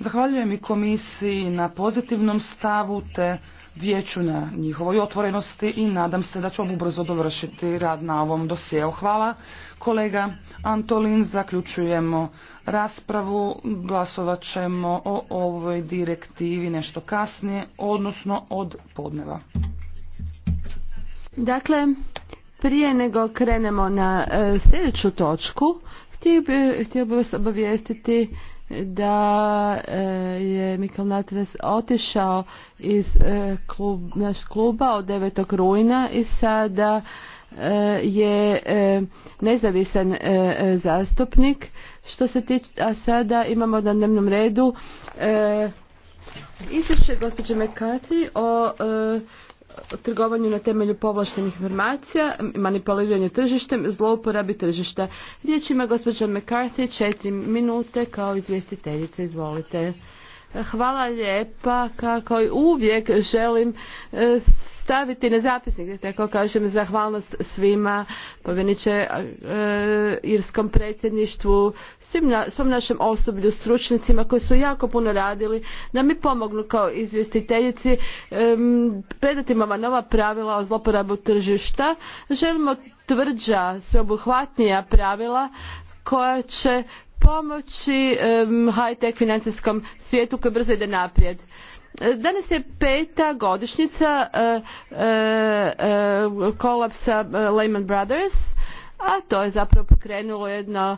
Zahvaljujem i komisiji na pozitivnom stavu te vijeću na njihovoj otvorenosti i nadam se da ćemo ubrzo dovršiti rad na ovom dosjeu. Hvala kolega Antolin, zaključujemo raspravu, glasovat ćemo o ovoj direktivi nešto kasnije, odnosno od podneva. Dakle, prije nego krenemo na e, sljedeću točku, htio bih vas obavijestiti da e, je Mikael Natres otišao iz e, naš kluba od 9. rujna i sada e, je nezavisan zastupnik što se tiče, a sada imamo na dnevnom redu izvješće gospođe Mekati o trgovanju na temelju povlaštenih informacija, manipuliranju tržištem, zlouporabi tržišta. Riječ ima gospođa McCarthy, četiri minute kao izvjestiteljica, izvolite. Hvala lijepa, kako i uvijek želim e, staviti na zapisnik, da tako kažem, zahvalnost svima, povjeniče e, Irskom predsjedništvu, svom našem osoblju, stručnicima koji su jako puno radili, da mi pomognu kao izvjestiteljici predati ova nova pravila o zloporabu tržišta. Želimo tvrđa, sveobuhvatnija pravila koja će pomoći high-tech financijskom svijetu koji brzo ide naprijed. E, danas je peta godišnjica e, e, kolapsa Lehman Brothers, a to je zapravo pokrenulo jedno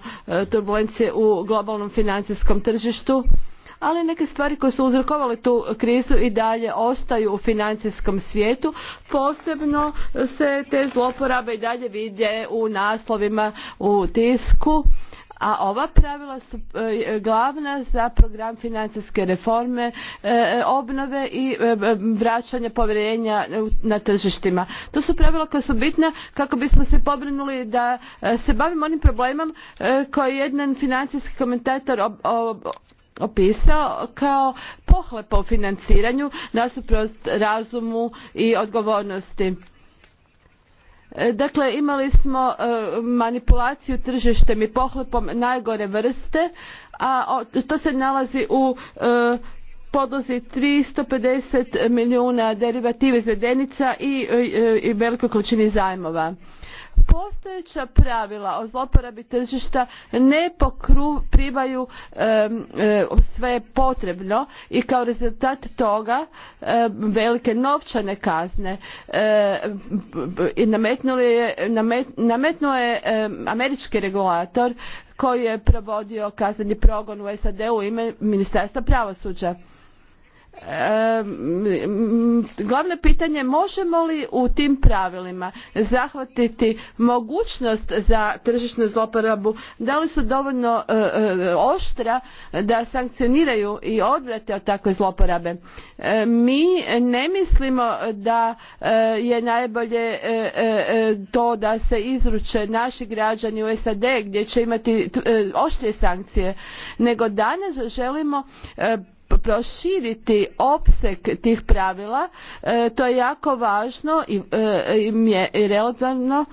turbulencije u globalnom financijskom tržištu ali neke stvari koje su uzrokovale tu krizu i dalje ostaju u financijskom svijetu posebno se te zloporabe i dalje vide u naslovima u tisku a ova pravila su e, e, glavna za program financijske reforme e, obnove i vraćanja povjerenja na tržištima. To su pravila koja su bitna kako bismo se pobrinuli da se bavimo onim problemom koji jedan financijski komentator opisao kao pohlepo u financiranju nasuprot razumu i odgovornosti E, dakle, imali smo e, manipulaciju tržištem i pohlepom najgore vrste, a to se nalazi u e, podlozi 350 milijuna derivative izvedenica i velikoj količini zajmova postojeća pravila o zloporabi tržišta ne pokrivaju e, sve potrebno i kao rezultat toga velike novčane kazne i nametnuo je, nametnuo je američki regulator koji je provodio kazneni progon u sad u ime ministarstva pravosuđa glavno pitanje možemo li u tim pravilima zahvatiti mogućnost za tržišnu zloporabu da li su dovoljno e, e, oštra da sankcioniraju i odvrate od takve zloporabe e, mi ne mislimo da je najbolje to da se izruče naši građani u SAD gdje će imati oštrije sankcije nego danas želimo proširiti opseg tih pravila e, to je jako važno i, e, je relevantno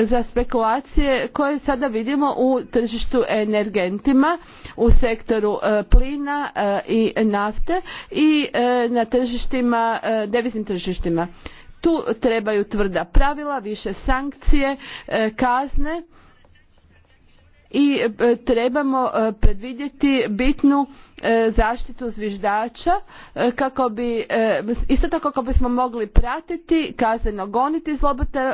za spekulacije koje sada vidimo u tržištu energentima u sektoru e, plina i nafte i na tržištima deviznim tržištima tu trebaju tvrda pravila više sankcije kazne i trebamo predvidjeti bitnu E, zaštitu zviždača e, kako bi e, isto tako kako bismo mogli pratiti kazneno goniti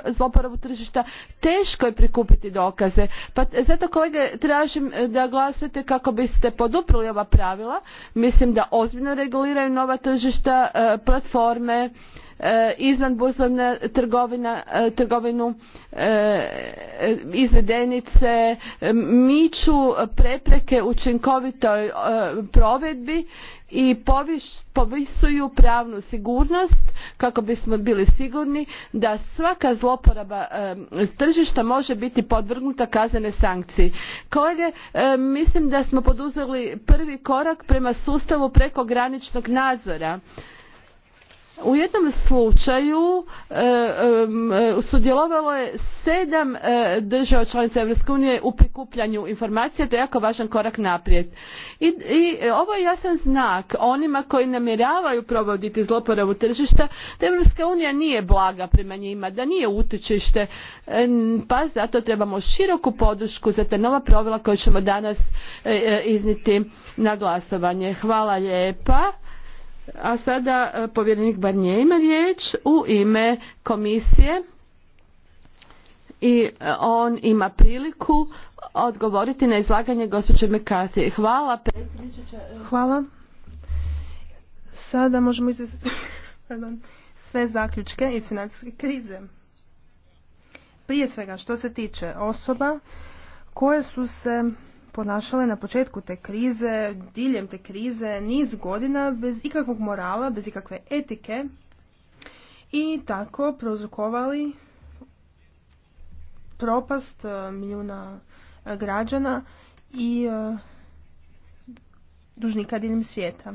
zloporabu tržišta teško je prikupiti dokaze pa zato kolege tražim da glasujete kako biste poduprli ova pravila mislim da ozbiljno reguliraju nova tržišta platforme E, izvanburzovna trgovina, e, trgovinu e, izvedenice miču prepreke učinkovitoj provedbi i povisuju pravnu sigurnost kako bismo bili sigurni da svaka zloporaba tržišta može biti podvrgnuta kaznenoj sankciji. kolege mislim da smo poduzeli prvi korak prema sustavu prekograničnog nadzora u jednom slučaju e, e, sudjelovalo je sedam e, država članica europske unije u prikupljanju informacija to je jako važan korak naprijed I, ovo je jasan znak onima koji namjeravaju provoditi zloporavu tržišta da europska unija nije blaga prema njima da nije utočište pa zato trebamo široku podršku za ta nova pravila koja ćemo danas izniti na glasovanje. hvala lijepa a sada e, povjerenik Barnije ima riječ u ime komisije i e, on ima priliku odgovoriti na izlaganje gospođe Mekatije. Hvala. Hvala. Sada možemo izvesti sve zaključke iz financijske krize. Prije svega što se tiče osoba koje su se ponašale na početku te krize, diljem te krize, niz godina bez ikakvog morala, bez ikakve etike i tako prouzrokovali propast e, milijuna e, građana i e, dužnika diljem svijeta.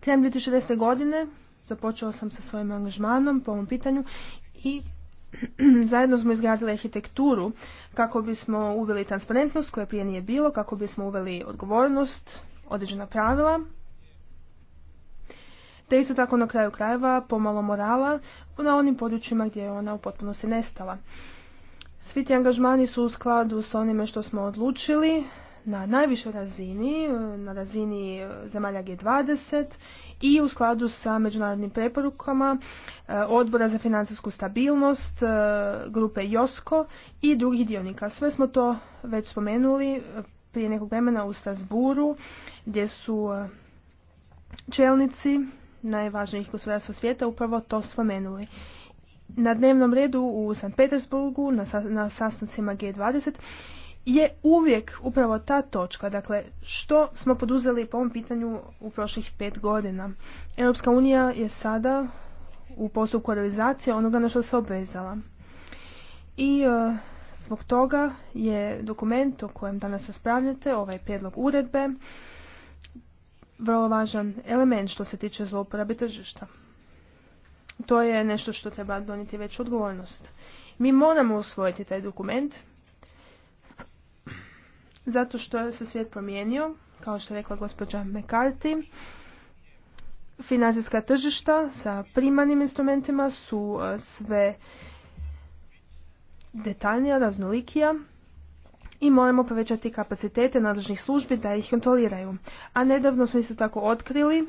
Krajem 2010. godine započela sam sa svojim angažmanom po ovom pitanju i zajedno smo izgradili arhitekturu kako bismo uveli transparentnost koja prije nije bilo, kako bismo uveli odgovornost, određena pravila, te isto tako na kraju krajeva pomalo morala na onim područjima gdje je ona u potpunosti nestala. Svi ti angažmani su u skladu s onime što smo odlučili na najvišoj razini, e, na razini e, zemalja G20 i u skladu sa međunarodnim preporukama e, Odbora za financijsku stabilnost, grupe JOSKO i drugih dionika. Sve smo to već spomenuli prije nekog vremena u Strasburu gdje su čelnici najvažnijih gospodarstva svijeta upravo to spomenuli. Na dnevnom redu u St. Petersburgu, na sastancima G20, je uvijek upravo ta točka, dakle što smo poduzeli po ovom pitanju u prošlih pet godina. Europska unija je sada u postupku realizacije onoga na što se obvezala. I e, zbog toga je dokument o kojem danas raspravljate, ovaj prijedlog uredbe, vrlo važan element što se tiče zlouporabe tržišta. To je nešto što treba donijeti veću odgovornost. Mi moramo usvojiti taj dokument zato što se svijet promijenio, kao što je rekla gospođa McCarthy. Financijska tržišta sa primanim instrumentima su e, sve detaljnija, raznolikija i moramo povećati kapacitete nadležnih službi da ih kontroliraju. A nedavno smo isto tako otkrili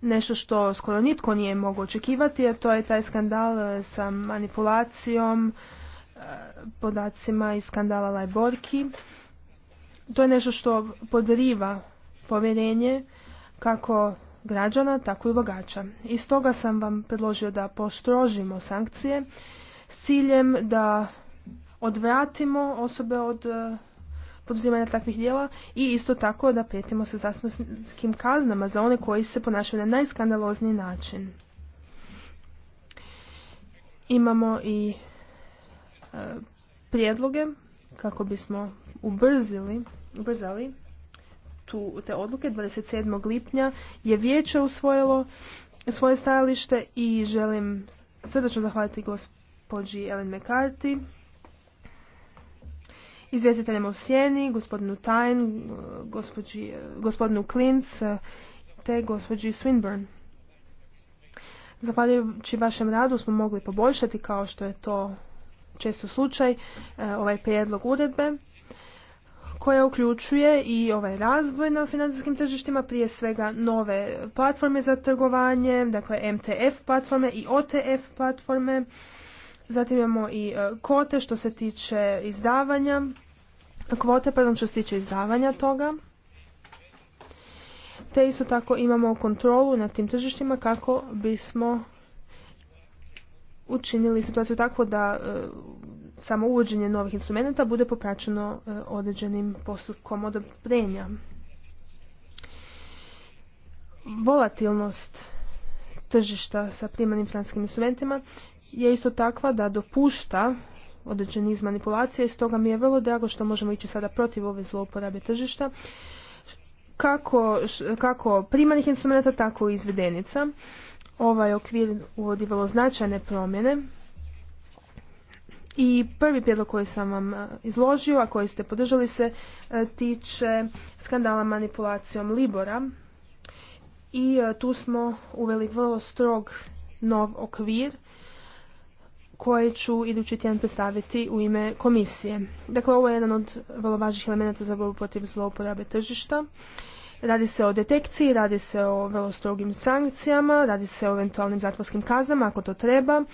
nešto što skoro nitko nije mogao očekivati, a to je taj skandal e, sa manipulacijom podacima iz skandala Lajborki. To je nešto što podriva povjerenje kako građana, tako i ulagača. Iz toga sam vam predložio da postrožimo sankcije s ciljem da odvratimo osobe od e, poduzimanja takvih djela i isto tako da prijetimo se zatvorskim kaznama za one koji se ponašaju na najskandalozniji način. Imamo i prijedloge kako bismo ubrzili, ubrzali tu, te odluke. 27. lipnja je vijeće usvojilo svoje stajalište i želim srdečno zahvaliti gospođi Ellen McCarthy, izvjestiteljima u Sjeni, gospodinu Tajn, gospodinu Klintz, te gospođi Swinburne. Zahvaljujući vašem radu smo mogli poboljšati kao što je to često slučaj e, ovaj prijedlog uredbe koja uključuje i ovaj razvoj na financijskim tržištima, prije svega nove platforme za trgovanje, dakle MTF platforme i OTF platforme. Zatim imamo i e, kote što se tiče izdavanja, kvote, pardon, što se tiče izdavanja toga. Te isto tako imamo kontrolu nad tim tržištima kako bismo učinili situaciju tako da e, samo uvođenje novih instrumenta bude popraćeno e, određenim postupkom odobrenja. Volatilnost tržišta sa primarnim financijskim instrumentima je isto takva da dopušta određen iz manipulacije i stoga mi je vrlo drago što možemo ići sada protiv ove zlouporabe tržišta kako, kako primarnih instrumenta, tako i izvedenica. Ovaj okvir uvodi vrlo značajne promjene. I prvi prijedlog koji sam vam e, izložio, a koji ste podržali se, e, tiče skandala manipulacijom Libora. I e, tu smo uveli vrlo strog nov okvir koje ću idući tjedan predstaviti u ime komisije. Dakle, ovo je jedan od vrlo važnih elemenata za borbu protiv zlouporabe tržišta. Radi se o detekciji, radi se o vrlo strogim sankcijama, radi se o eventualnim zatvorskim kaznama ako to treba.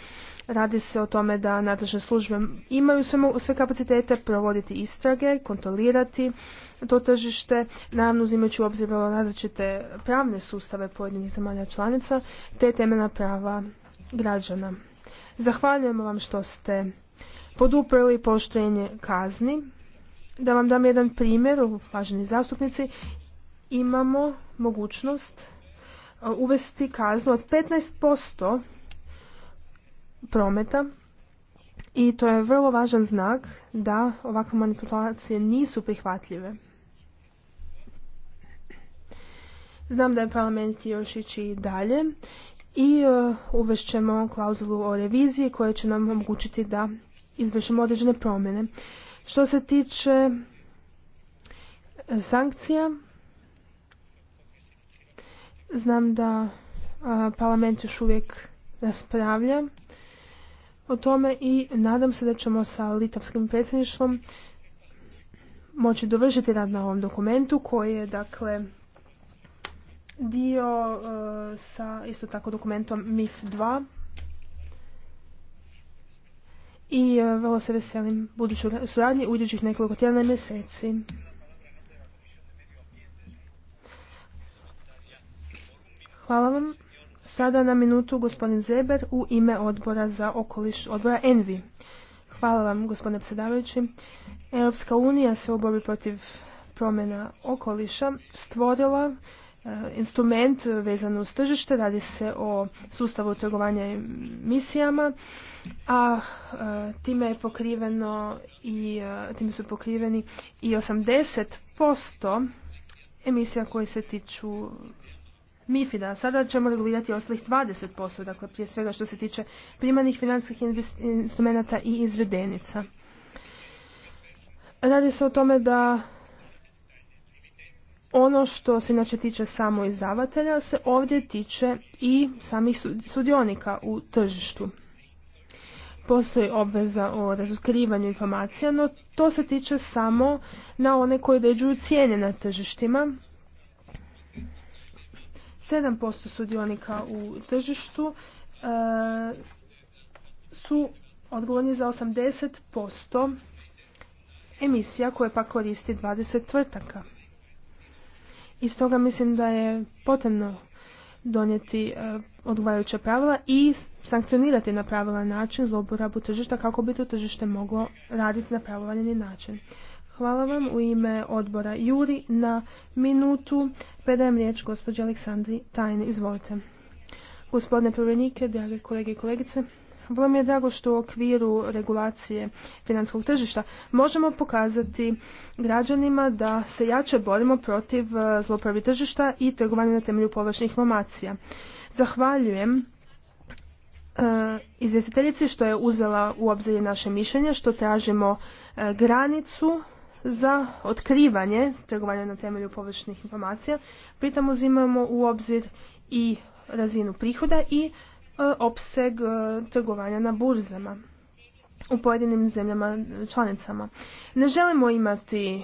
Radi se o tome da nadležne službe imaju sve kapacitete provoditi istrage, kontrolirati to tržište, naravno uzimajući u obzir vrlo različite pravne sustave pojedinih zemalja članica, te temena prava građana. Zahvaljujemo vam što ste poduprli poštojenje kazni. Da vam dam jedan primjer, uvaženi zastupnici, imamo mogućnost e, uvesti kaznu od 15% prometa i to je vrlo važan znak da ovakve manipulacije nisu prihvatljive. Znam da je parlament još ići dalje i e, uvešćemo klauzulu o reviziji koja će nam omogućiti da izvršimo određene promjene. Što se tiče e, sankcija, znam da e, parlament još uvijek raspravlja o tome i nadam se da ćemo sa litavskim predsjedništvom moći dovršiti rad na ovom dokumentu koji je dakle dio e, sa isto tako dokumentom MIF2 i e, vrlo se veselim budućoj suradnji u idućih nekoliko tjedana i mjeseci. Hvala vam. Sada na minutu gospodin Zeber u ime odbora za okoliš odbora Envi. Hvala vam gospodine predsjedavajući. Europska unija se u borbi protiv promjena okoliša stvorila E, instrument vezan uz tržište, radi se o sustavu trgovanja emisijama, a e, time je pokriveno i e, time su pokriveni i 80% emisija koje se tiču mifida Sada ćemo regulirati ostalih 20%, dakle prije svega što se tiče primarnih financijskih instrumenata i izvedenica. Radi se o tome da ono što se inače tiče samo izdavatelja se ovdje tiče i samih sudionika u tržištu. Postoji obveza o razotkrivanju informacija, no to se tiče samo na one koji određuju cijene na tržištima. 7% sudionika u tržištu e, su odgovorni za 80% emisija koje pa koristi 20 tvrtaka. I stoga mislim da je potrebno donijeti e, odgovarajuća pravila i sankcionirati na pravilan način zloborabu tržišta kako bi to tržište moglo raditi na pravovaljeni način. Hvala vam u ime odbora Juri na minutu. Predajem riječ gospođi Aleksandri Tajni. Izvolite. Gospodine povjerenike, drage kolege i kolegice, vrlo mi je drago što u okviru regulacije financijskog tržišta možemo pokazati građanima da se jače borimo protiv e, zlopravi tržišta i trgovanja na temelju površnih informacija. Zahvaljujem e, izvjestiteljici što je uzela u obzir naše mišljenje, što tražimo e, granicu za otkrivanje trgovanja na temelju površnih informacija. Pritom uzimamo u obzir i razinu prihoda i E, opseg e, trgovanja na burzama u pojedinim zemljama članicama. Ne želimo imati e,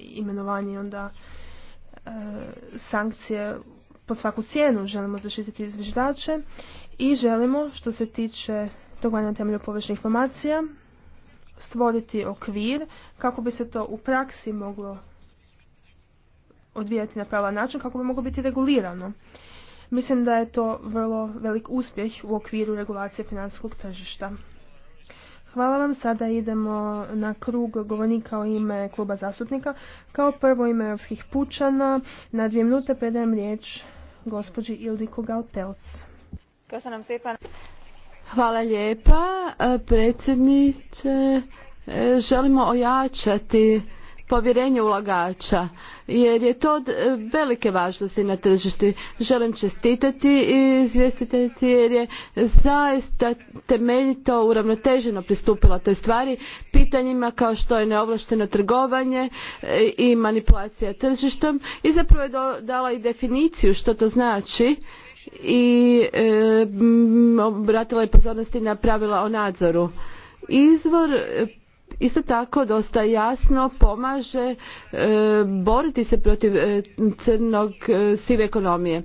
imenovanje onda sankcije pod svaku cijenu, želimo zaštititi izviždače i želimo što se tiče trgovanja na temelju površnih informacija stvoriti okvir kako bi se to u praksi moglo odvijati na pravilan način, kako bi moglo biti regulirano. Mislim da je to vrlo velik uspjeh u okviru regulacije financijskog tržišta. Hvala vam. Sada idemo na krug govornika o ime kluba zastupnika. Kao prvo ime europskih pučana. Na dvije minute predajem riječ gospođi Ildiko Galpelc. Hvala lijepa, predsjedniče. Želimo ojačati povjerenje ulagača jer je to od e, velike važnosti na tržištu. Želim čestitati izvjestiteljici jer je zaista temeljito uravnoteženo pristupila toj stvari pitanjima kao što je neovlašteno trgovanje e, i manipulacija tržištom. i zapravo je dala i definiciju što to znači i e, obratila je pozornosti na pravila o nadzoru. Izvor isto tako dosta jasno pomaže e, boriti se protiv e, crnog e, sive ekonomije.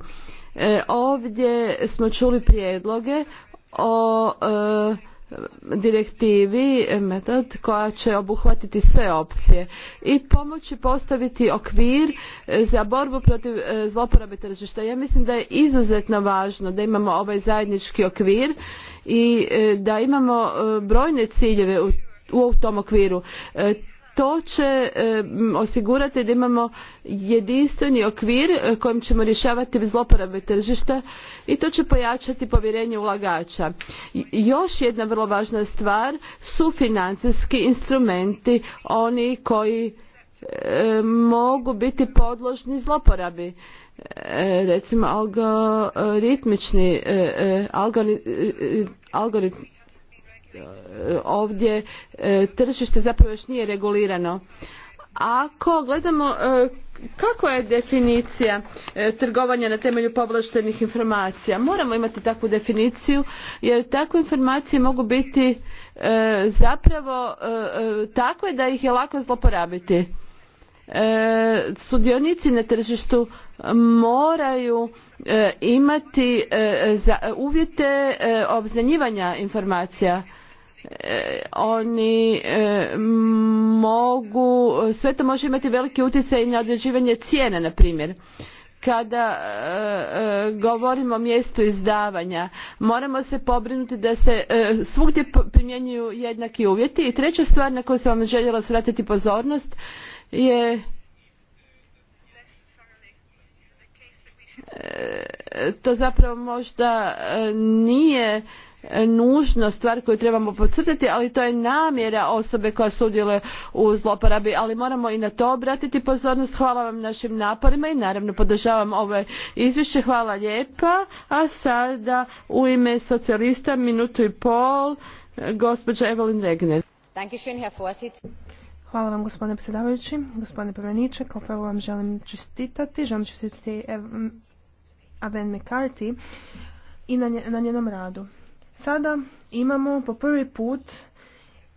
Ovdje smo čuli prijedloge o direktivi metod koja će obuhvatiti sve opcije i pomoći postaviti okvir za borbu protiv zloporabe tržišta. Ja mislim da je izuzetno važno da imamo ovaj zajednički okvir i da imamo brojne ciljeve u u tom okviru. E, to će e, osigurati da imamo jedinstveni okvir e, kojim ćemo rješavati zloporabe tržišta i to će pojačati povjerenje ulagača. Još jedna vrlo važna stvar su financijski instrumenti, oni koji mogu biti podložni zloporabi recimo algoritmični algoritmi, ovdje e, tržište zapravo još nije regulirano. Ako gledamo e, kakva je definicija e, trgovanja na temelju povlaštenih informacija, moramo imati takvu definiciju jer takve informacije mogu biti zapravo takve da ih je lako zloporabiti. sudionici na tržištu moraju imati uvjete obznanjivanja informacija E, oni e, mogu, sve to može imati veliki utjecaj na određivanje cijene, na primjer kada e, govorimo o mjestu izdavanja moramo se pobrinuti da se svugdje primjenjuju jednaki uvjeti i treća stvar na koju sam vam željela svratiti pozornost je to zapravo možda nije nužno stvar koju trebamo podcrtati, ali to je namjera osobe koja sudjeluje u zloporabi, ali moramo i na to obratiti pozornost. Hvala vam našim naporima i naravno podržavam ove izvješće. Hvala lijepa. A sada u ime socijalista minutu i pol gospođa Evelyn Regner. Hvala vam gospodine predsjedavajući, gospodine Prveniče, kao prvo vam želim čestitati, želim čestitati Aven McCarthy i na njenom radu. Sada imamo po prvi put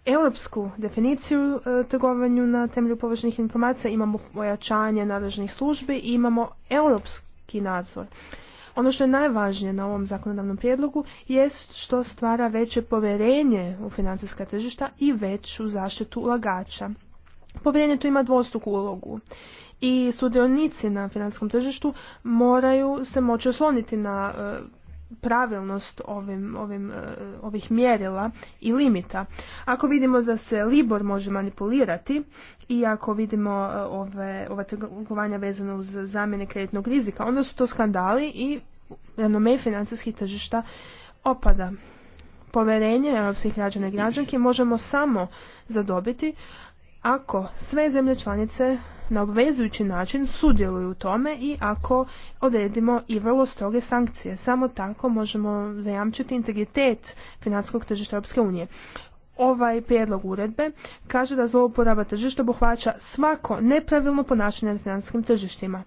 europsku definiciju e, trgovanju na temelju površnih informacija, imamo ojačanje nadležnih službi i imamo europski nadzor. Ono što je najvažnije na ovom zakonodavnom prijedlogu jest što stvara veće povjerenje u financijska tržišta i veću zaštitu ulagača. Povjerenje tu ima dvostruku ulogu i sudionici na financijskom tržištu moraju se moći osloniti na e, pravilnost ovim, e, ovih mjerila i limita. Ako vidimo da se Libor može manipulirati i ako vidimo e, ove, ova trgovanja vezana uz zamjene kreditnog rizika, onda su to skandali i renome financijskih tržišta opada. Povjerenje europskih građana i građanki možemo samo zadobiti ako sve zemlje članice na obvezujući način sudjeluju u tome i ako odredimo i vrlo stroge sankcije. Samo tako možemo zajamčiti integritet financijskog tržišta Europske unije. Ovaj prijedlog uredbe kaže da zlouporaba tržišta obuhvaća svako nepravilno ponašanje na financijskim tržištima.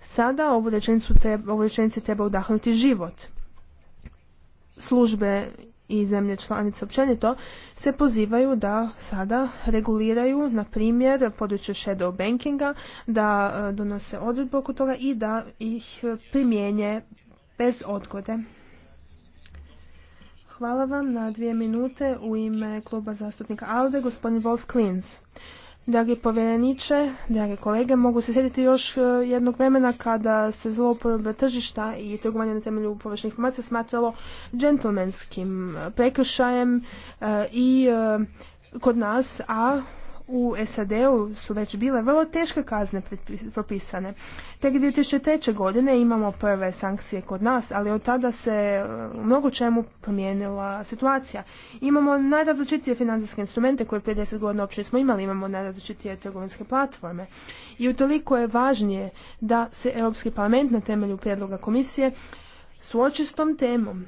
Sada ovu rečenicu treba, ovu rečenicu treba udahnuti život. Službe i zemlje članice općenito se pozivaju da sada reguliraju, na primjer, područje shadow bankinga, da e, donose odredbu oko toga i da ih primjenje bez odgode. Hvala vam na dvije minute u ime kluba zastupnika ALDE, gospodin Wolf Klins. Dragi povjereniče, dragi kolege, mogu se sjetiti još e, jednog vremena kada se zlouporabe tržišta i trgovanje na temelju površnih informacija smatralo džentlmenskim prekršajem e, i e, kod nas, a u SAD-u su već bile vrlo teške kazne propisane. Tek 2003. godine imamo prve sankcije kod nas, ali od tada se e, mnogo čemu promijenila situacija. Imamo najrazličitije financijske instrumente koje prije 10 godina uopće smo imali, imamo najrazličitije trgovinske platforme. I utoliko je važnije da se Europski parlament na temelju prijedloga komisije suoči s tom temom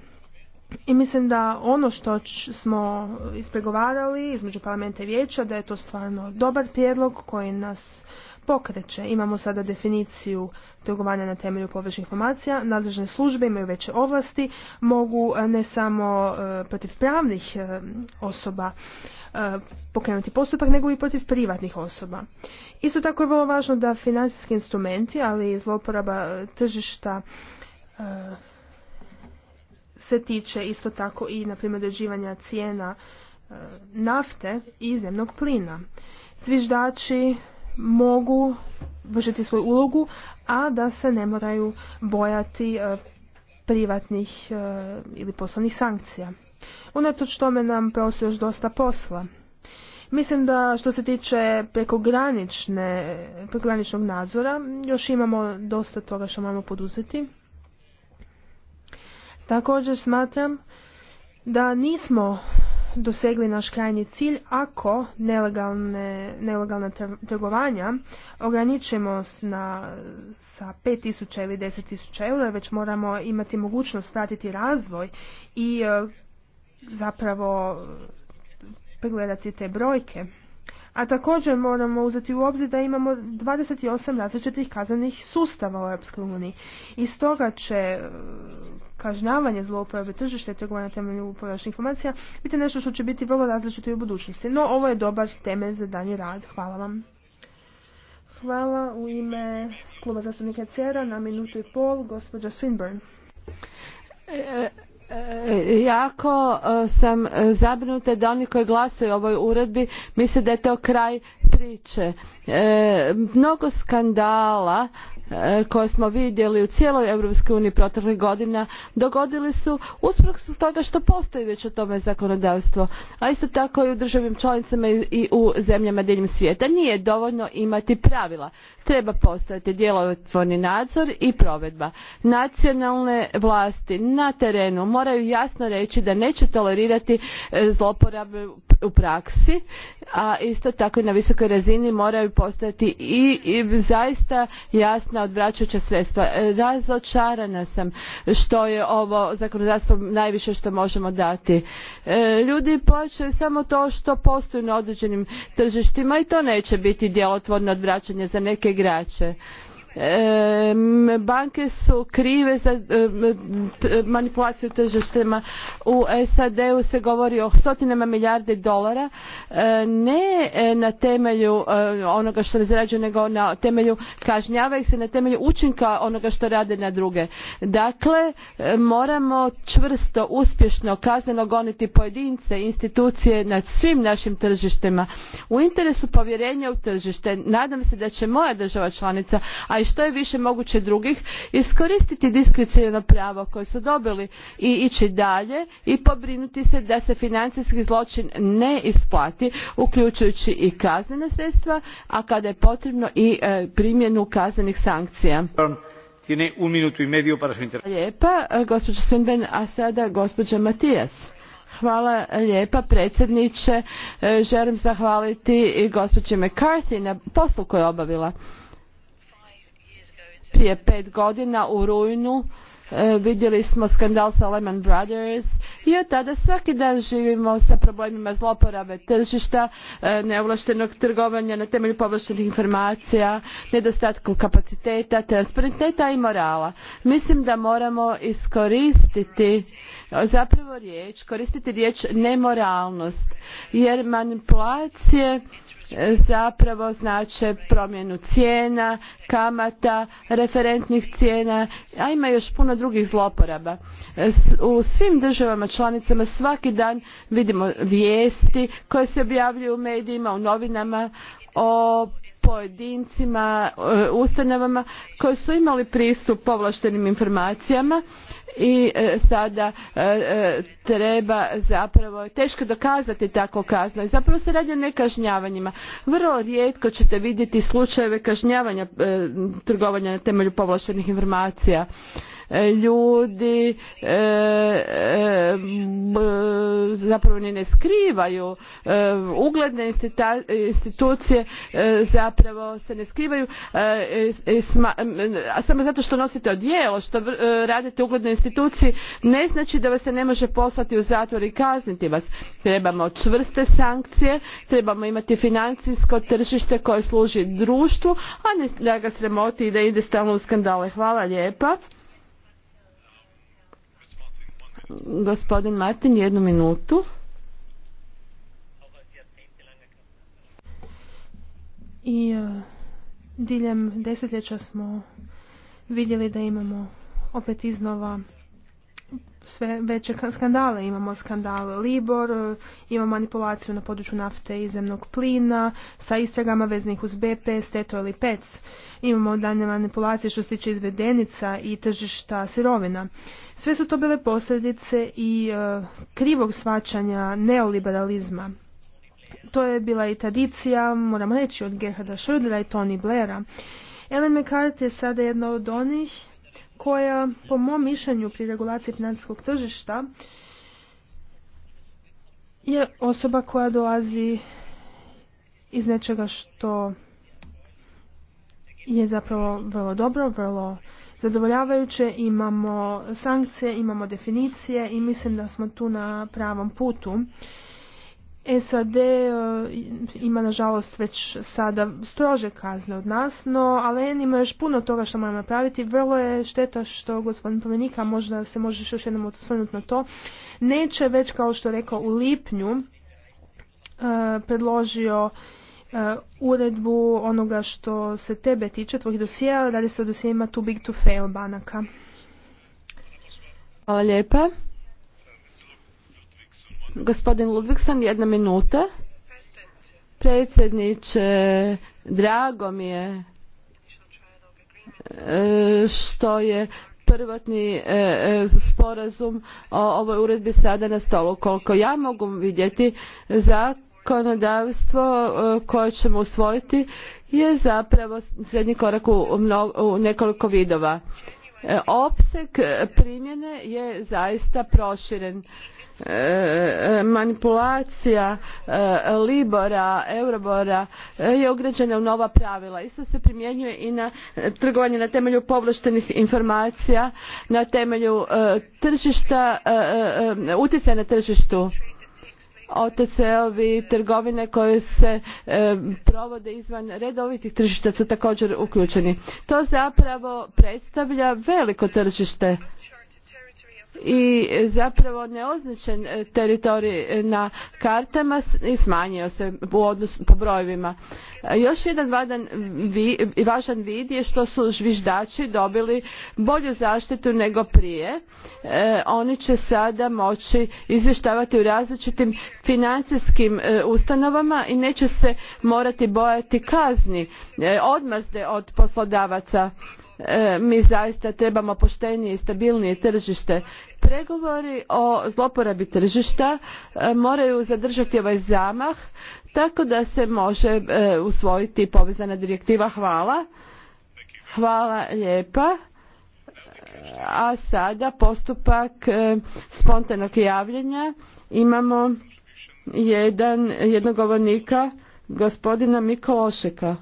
i mislim da ono što smo ispregovarali između parlamenta i vijeća, da je to stvarno dobar prijedlog koji nas pokreće. Imamo sada definiciju trgovanja na temelju površnih informacija, nadležne službe imaju veće ovlasti, mogu e, ne samo e, protiv pravnih e, osoba pokrenuti postupak, nego i protiv privatnih osoba. Isto tako je vrlo važno da financijski instrumenti, ali i zloporaba tržišta se tiče isto tako i na primjer određivanja cijena e, nafte i zemnog plina. Zviždači mogu vršiti svoju ulogu, a da se ne moraju bojati e, privatnih e, ili poslovnih sankcija. Unatoč tome nam prosi još dosta posla. Mislim da što se tiče prekograničnog nadzora, još imamo dosta toga što moramo poduzeti. Također smatram da nismo dosegli naš krajnji cilj ako nelegalne, nelegalna trgovanja ograničimo na, sa 5000 ili 10.000 eura, već moramo imati mogućnost pratiti razvoj i e, zapravo pregledati te brojke. A također moramo uzeti u obzir da imamo 28 različitih kaznenih sustava u EU. I stoga će e, kažnjavanje zlouporabe tržišta i na temelju površnih informacija biti nešto što će biti vrlo različito i u budućnosti. No, ovo je dobar temelj za danji rad. Hvala vam. Hvala u ime kluba zastupnika Cera na minutu i pol, gospođa Swinburne. E, e, jako e, sam e, zabrinuta da oni koji glasuju o ovoj uredbi misle da je to kraj priče. E, mnogo skandala E, koje smo vidjeli u cijeloj Europskoj uniji proteklih godina dogodili su usprkos toga što postoji već o tome zakonodavstvo, a isto tako i u državnim članicama i u zemljama diljem svijeta. Nije dovoljno imati pravila. Treba postojati djelotvorni nadzor i provedba. Nacionalne vlasti na terenu moraju jasno reći da neće tolerirati e, zloporabe u praksi, a isto tako i na visokoj razini moraju postojati i, i zaista jasno na odvraćajuća sredstva. E, razočarana sam što je ovo zakonodavstvo najviše što možemo dati. E, ljudi plaćaju samo to što postoji na određenim tržištima i to neće biti djelotvorno odvraćanje za neke igrače banke su krive za manipulaciju tržištima u SAD-u se govori o stotinama milijardi dolara ne e, na temelju onoga što ne nego na temelju kažnjava ih se na temelju učinka onoga što rade na druge dakle moramo čvrsto uspješno kazneno goniti pojedince i institucije nad svim našim tržištima u interesu povjerenja u tržište nadam se da će moja država članica a što je više moguće drugih iskoristiti diskreciono pravo koje su dobili i ići dalje i pobrinuti se da se financijski zločin ne isplati uključujući i kaznena sredstva a kada je potrebno i e, primjenu kaznenih sankcija. Lijepa, e, a sada gospođa Hvala lijepa predsjedniče. E, želim zahvaliti i gospođi McCarthy na poslu koju je obavila prije pet godina u rujnu e, vidjeli smo skandal sa Lehman Brothers i od tada svaki dan živimo sa problemima zloporabe tržišta, e, neovlaštenog trgovanja na temelju povlaštenih informacija, nedostatkom kapaciteta, transparenteta i morala. Mislim da moramo iskoristiti zapravo riječ, koristiti riječ nemoralnost jer manipulacije e, zapravo znače promjenu cijena, kamata, referentnih cijena, a ima još puno drugih zloporaba. E, u svim državama članicama svaki dan vidimo vijesti koje se objavljuju u medijima, u novinama o pojedincima, e, ustanovama koje su imali pristup povlaštenim informacijama i e, sada e, e, treba zapravo teško dokazati tako kazno i zapravo se radi o nekažnjavanjima vrlo rijetko ćete vidjeti slučajeve kažnjavanja trgovanja na temelju povlaštenih informacija E, ljudi e, e, zapravo ni ne skrivaju ugledne institucije zapravo se ne skrivaju samo zato što nosite odijelo što radite u uglednoj instituciji ne znači da vas se ne može poslati u zatvor i kazniti vas trebamo čvrste sankcije trebamo imati financijsko tržište koje služi društvu a ne da ga sramoti i da ide stalno u skandale hvala lijepa Gospodin Martin, jednu minutu. I e, diljem desetljeća smo vidjeli da imamo opet iznova sve veće skandale. Imamo skandal Libor, e, imamo manipulaciju na području nafte i zemnog plina, sa istragama veznih uz BP, Steto ili PEC. Imamo danje manipulacije što se tiče izvedenica i tržišta sirovina. Sve su to bile posljedice i e, krivog svačanja neoliberalizma. To je bila i tradicija, moram reći, od Gerharda Schrödera i Tony Blaira. Ellen McCarthy je sada jedna od onih koja po mom mišljenju pri regulaciji financijskog tržišta je osoba koja dolazi iz nečega što je zapravo vrlo dobro, vrlo zadovoljavajuće, imamo sankcije, imamo definicije i mislim da smo tu na pravom putu SAD e, ima nažalost već sada strože kazne od nas, no Alen ima još puno toga što moramo napraviti. Vrlo je šteta što gospodin Pomenika, možda se možeš još jednom osvrnuti na to, neće već kao što je rekao u lipnju e, predložio e, uredbu onoga što se tebe tiče, tvojih dosija, radi se o dosijima too big to fail banaka. Hvala lijepa. Gospodin jedna minuta. Predsjedniče, drago mi je e, što je prvotni e, e, sporazum o ovoj uredbi sada na stolu. Koliko ja mogu vidjeti, zakonodavstvo koje ćemo usvojiti je zapravo srednji korak u, u nekoliko vidova. Opseg primjene je zaista proširen E, e, manipulacija e, Libora, Eurobora je ugrađena u nova pravila. Isto se primjenjuje i na trgovanje na temelju povlaštenih informacija, na temelju tržišta, utjecaja na tržištu. OTC-ovi, trgovine koje se provode izvan redovitih tržišta su također uključeni. To zapravo predstavlja veliko tržište i zapravo neoznačen e, teritorij e, na kartama i smanjio se u odnosu po brojevima. E, još jedan važan vid je što su žviždači dobili bolju zaštitu nego prije. oni će sada moći izvještavati u različitim financijskim ustanovama i neće se morati bojati kazni, odmazde od poslodavaca E, mi zaista trebamo poštenije i stabilnije tržište. Pregovori o zloporabi tržišta e, moraju zadržati ovaj zamah tako da se može e, usvojiti povezana direktiva. Hvala. Hvala lijepa. A sada postupak spontanog javljanja. Imamo jedan, jednog govornika, gospodina Mikološeka.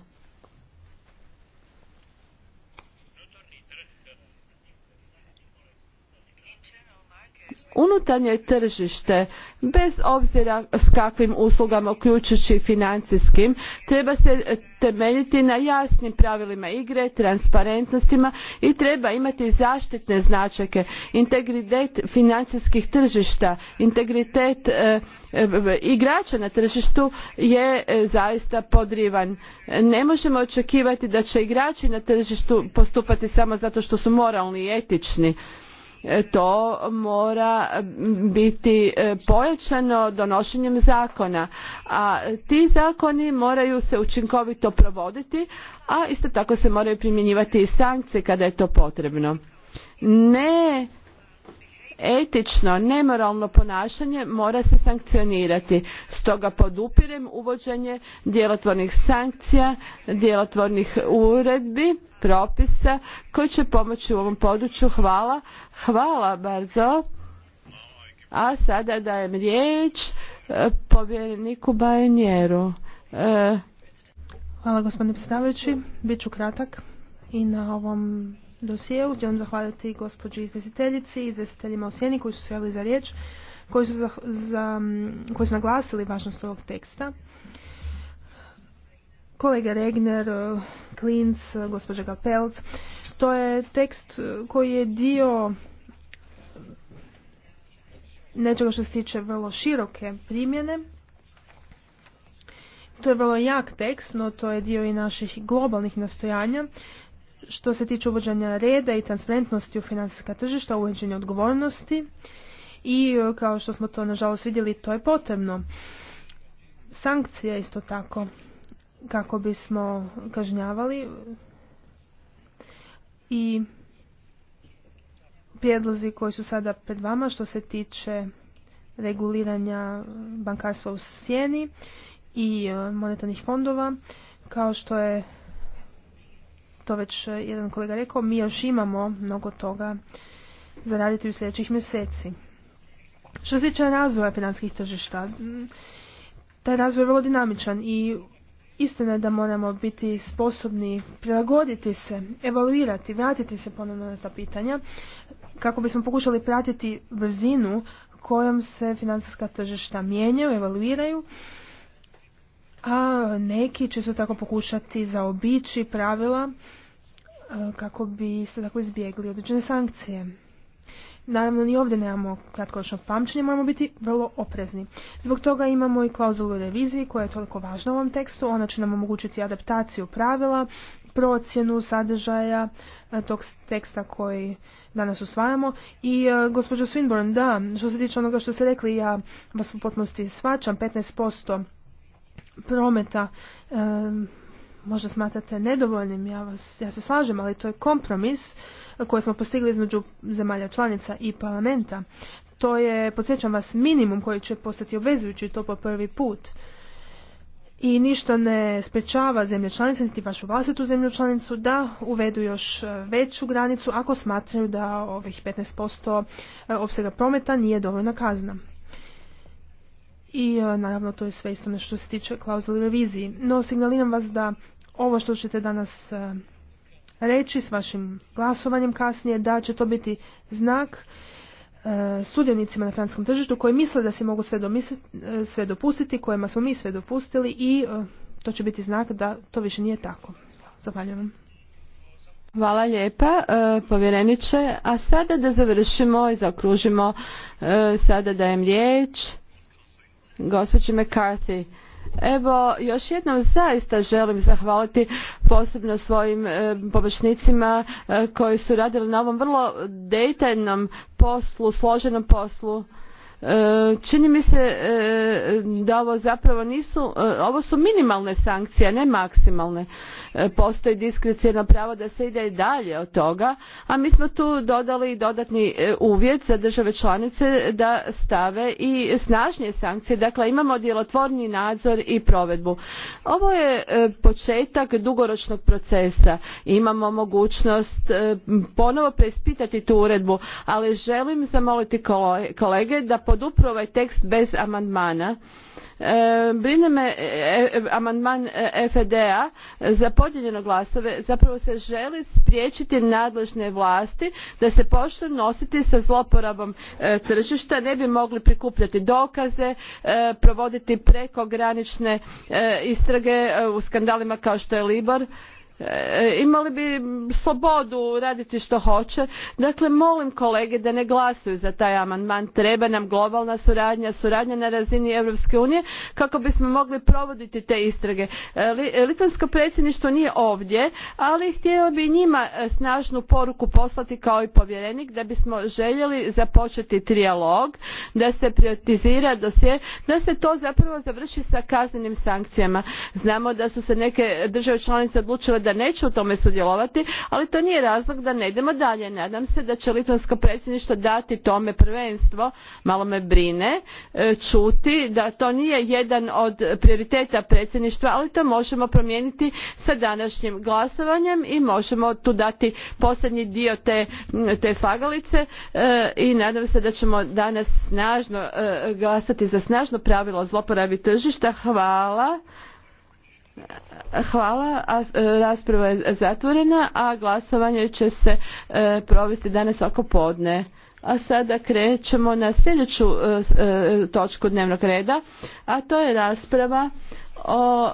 unutarnje tržište bez obzira s kakvim uslugama uključujući financijskim treba se temeljiti na jasnim pravilima igre transparentnostima i treba imati zaštitne značajke integritet financijskih tržišta integritet e, e, igrača na tržištu je e, zaista podrivan ne možemo očekivati da će igrači na tržištu postupati samo zato što su moralni i etični E, to mora biti e, pojačano donošenjem zakona a ti zakoni moraju se učinkovito provoditi a isto tako se moraju primjenjivati i sankcije kada je to potrebno ne etično nemoralno ponašanje mora se sankcionirati stoga podupirem uvođenje djelotvornih sankcija djelotvornih uredbi propisa koji će pomoći u ovom području. Hvala. Hvala bardzo. A sada dajem riječ e, povjereniku Bajenjeru. E, Hvala gospodine predsjedavajući. ću kratak i na ovom dosijeu. Želim zahvaliti gospođi izvjestiteljici i izvjestiteljima u Sjeni koji su se javili za riječ, koji su, za, koji su naglasili važnost ovog teksta. Kolega Regner, eh, Klinc, eh, gospođa Gapelc. To je tekst eh, koji je dio nečega što se tiče vrlo široke primjene. To je vrlo jak tekst, no to je dio i naših globalnih nastojanja. Što se tiče uvođenja reda i transparentnosti u financijska tržišta, uvođenja odgovornosti i kao što smo to nažalost vidjeli, to je potrebno. Sankcija isto tako kako bismo kažnjavali i prijedlozi koji su sada pred vama što se tiče reguliranja bankarstva u sjeni i e, monetarnih fondova. Kao što je to već jedan kolega rekao, mi još imamo mnogo toga za raditi u sljedećih mjeseci. Što se tiče razvoja financijskih tržišta, taj razvoj je vrlo dinamičan i Istina je da moramo biti sposobni prilagoditi se, evaluirati, vratiti se ponovno na ta pitanja kako bismo pokušali pratiti brzinu kojom se financijska tržišta mijenjaju, evaluiraju, a neki će se tako pokušati zaobići pravila kako bi se tako izbjegli određene sankcije. Naravno, ni ovdje nemamo kratkoročno pamćenje, moramo biti vrlo oprezni. Zbog toga imamo i klauzulu reviziji koja je toliko važna u ovom tekstu. Ona će nam omogućiti adaptaciju pravila, procjenu sadržaja e, tog teksta koji danas usvajamo. I e, gospođo Swinburne, da, što se tiče onoga što ste rekli, ja vas u potpunosti svačam, 15% prometa e, možda smatrate nedovoljnim, ja, vas, ja se slažem, ali to je kompromis koji smo postigli između zemalja članica i parlamenta. To je, podsjećam vas, minimum koji će postati obvezujući to po prvi put. I ništa ne sprečava zemlje članice, niti vašu vlastitu zemlju članicu, da uvedu još e, veću granicu ako smatraju da ovih 15% e, opsega prometa nije dovoljna kazna i e, naravno to je sve isto što se tiče klauzuli reviziji. No signaliram vas da ovo što ćete danas e, reći s vašim glasovanjem kasnije da će to biti znak e, sudjenicima na francuskom tržištu koji misle da se mogu sve, sve dopustiti, kojima smo mi sve dopustili i to će biti znak da to više nije tako. Zahvaljujem vam. Hvala lijepa, povjereniče. A sada da završimo i zaokružimo, sada dajem riječ gospođi McCarthy. Evo, još jednom zaista želim zahvaliti posebno svojim e, e, koji su radili na ovom vrlo detaljnom poslu, složenom poslu. E, čini mi se e, da ovo zapravo nisu e, ovo su minimalne sankcije a ne maksimalne postoji diskreciono pravo da se ide i dalje od toga a mi smo tu dodali dodatni uvjet za države članice da stave i snažnije sankcije dakle imamo djelotvorniji nadzor i provedbu ovo je početak dugoročnog procesa imamo mogućnost ponovo preispitati tu uredbu ali želim zamoliti kolege da podupru ovaj tekst bez amandmana. E, brine me e, e, amandman FDA za podijeljeno glasove zapravo se želi spriječiti nadležne vlasti da se počnu nositi sa zloporabom tržišta, ne bi mogli prikupljati dokaze, provoditi prekogranične istrage u skandalima kao što je Libor E, imali bi slobodu raditi što hoće. Dakle, molim kolege da ne glasuju za taj amandman. Treba nam globalna suradnja, suradnja na razini Europske unije kako bismo mogli provoditi te istrage. E, e, litvansko predsjedništvo nije ovdje, ali htjelo bi njima snažnu poruku poslati kao i povjerenik da bismo željeli započeti trijalog, da se prioritizira dosje, da se to zapravo završi sa kaznenim sankcijama. Znamo da su se neke države članice odlučile da Neću u tome sudjelovati ali to nije razlog da ne idemo dalje. nadam se da će litavsko predsjedništvo dati tome prvenstvo malo me brine e, čuti da to nije jedan od prioriteta predsjedništva ali to možemo promijeniti sa današnjim glasovanjem i možemo tu dati posljednji dio te, te slagalice e, i nadam se da ćemo danas snažno e, glasati za snažno pravilo o tržišta. hvala. Hvala. E, rasprava je zatvorena, a glasovanje će se e, provesti danas oko podne. A sada krećemo na sljedeću e, točku dnevnog reda, a to je rasprava o